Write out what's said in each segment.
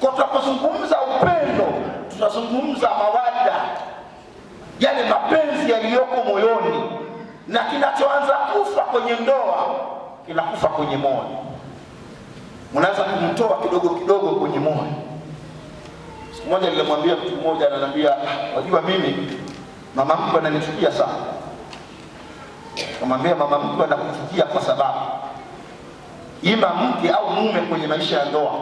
Kwa tunapozungumza upendo, tunazungumza mawada, yale mapenzi yaliyoko moyoni, na kinachoanza kufa kwenye ndoa kinakufa kwenye moyo. Mnaanza kumtoa kidogo kidogo kwenye moyo. Siku moja nilimwambia mtu mmoja, ananiambia wajua, mimi mama mtu ananichukia sana. Kamwambia mama mtu anakuchukia kwa sababu ima mke au mume kwenye maisha ya ndoa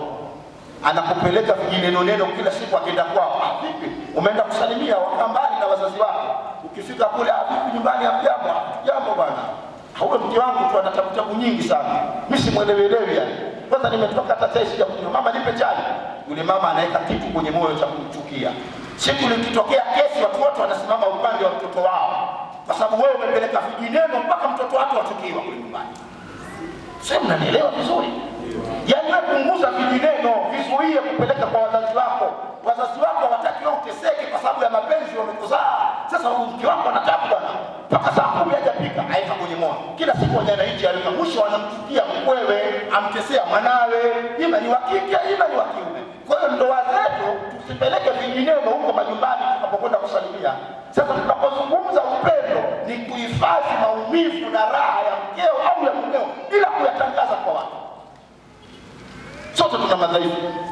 anakupeleka vijineno neno kila siku, akienda kwao, ah, vipi, umeenda kusalimia, wakaa mbali na wazazi wako, ukifika kule, ah, vipi nyumbani, hamjambo? Ah, jambo bwana, huyo mke wangu tu ana tabu nyingi sana, mimi simwelewelewi yani, kwanza nimetoka hata sasa sija sijakunywa, mama nipe chai. Yule mama anaweka kitu kwenye moyo cha kumchukia. Siku likitokea kesi, watu wote wanasimama upande wa mtoto wao, kwa sababu wewe umepeleka vijineno mpaka mtoto wako atukiwa kule nyumbani. Sasa mnanielewa vizuri, Yaani wewe punguza kwa wazazi wako. Wazazi wako hawataki wewe uteseke kwa sababu ya mapenzi wamekuzaa. Sasa mke wako anataka bwana mpaka saa kumi hajapika aeka kwenye moto kila siku wajana nje alika mwisho anamchukia mkwewe, amtesea mwanawe, ima ni wa kike ima ni wa kiume. Kwa hiyo ndoa zetu tusipeleke vinginevyo huko majumbani tunapokwenda kusalimia. Sasa tunapozungumza upendo ni kuhifadhi maumivu na raha ya mkeo au ya mumeo bila kuyatangaza kwa watu. Sote tuna madhaifu.